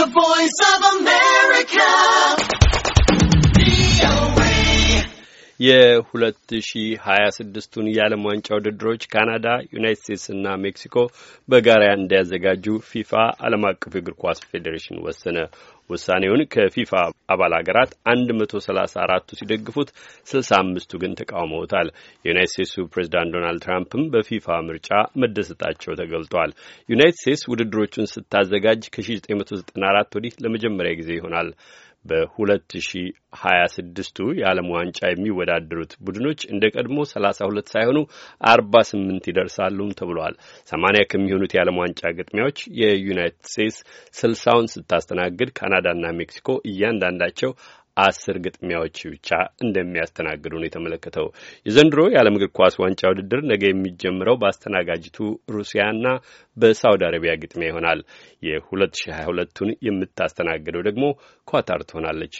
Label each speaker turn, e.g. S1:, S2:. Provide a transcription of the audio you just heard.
S1: The Voice of man.
S2: የ2026ቱን የዓለም ዋንጫ ውድድሮች ካናዳ፣ ዩናይት እና ሜክሲኮ በጋራ እንዲያዘጋጁ ፊፋ ዓለም አቀፍ የእግር ኳስ ፌዴሬሽን ወሰነ። ውሳኔውን ከፊፋ አባል ሀገራት 134ቱ ሲደግፉት 65ቱ ግን ተቃውመውታል። የዩናይት ስቴትሱ ፕሬዚዳንት ዶናልድ ትራምፕም በፊፋ ምርጫ መደሰታቸው ተገልጧል። ዩናይት ስቴትስ ውድድሮቹን ስታዘጋጅ ከ1994 ወዲህ ለመጀመሪያ ጊዜ ይሆናል። በ2026ቱ የዓለም ዋንጫ የሚወዳደሩት ቡድኖች እንደ ቀድሞ 32 ሳይሆኑ 48 ይደርሳሉም ተብሏል። 80 ከሚሆኑት የዓለም ዋንጫ ግጥሚያዎች የዩናይትድ ስቴትስ 60ውን ስታስተናግድ ካናዳና ሜክሲኮ እያንዳንዳቸው አስር ግጥሚያዎች ብቻ እንደሚያስተናግዱ ነው የተመለከተው። የዘንድሮ የዓለም እግር ኳስ ዋንጫ ውድድር ነገ የሚጀምረው በአስተናጋጅቱ ሩሲያና በሳውዲ አረቢያ ግጥሚያ ይሆናል። የ2022ቱን የምታስተናግደው ደግሞ ኳታር ትሆናለች።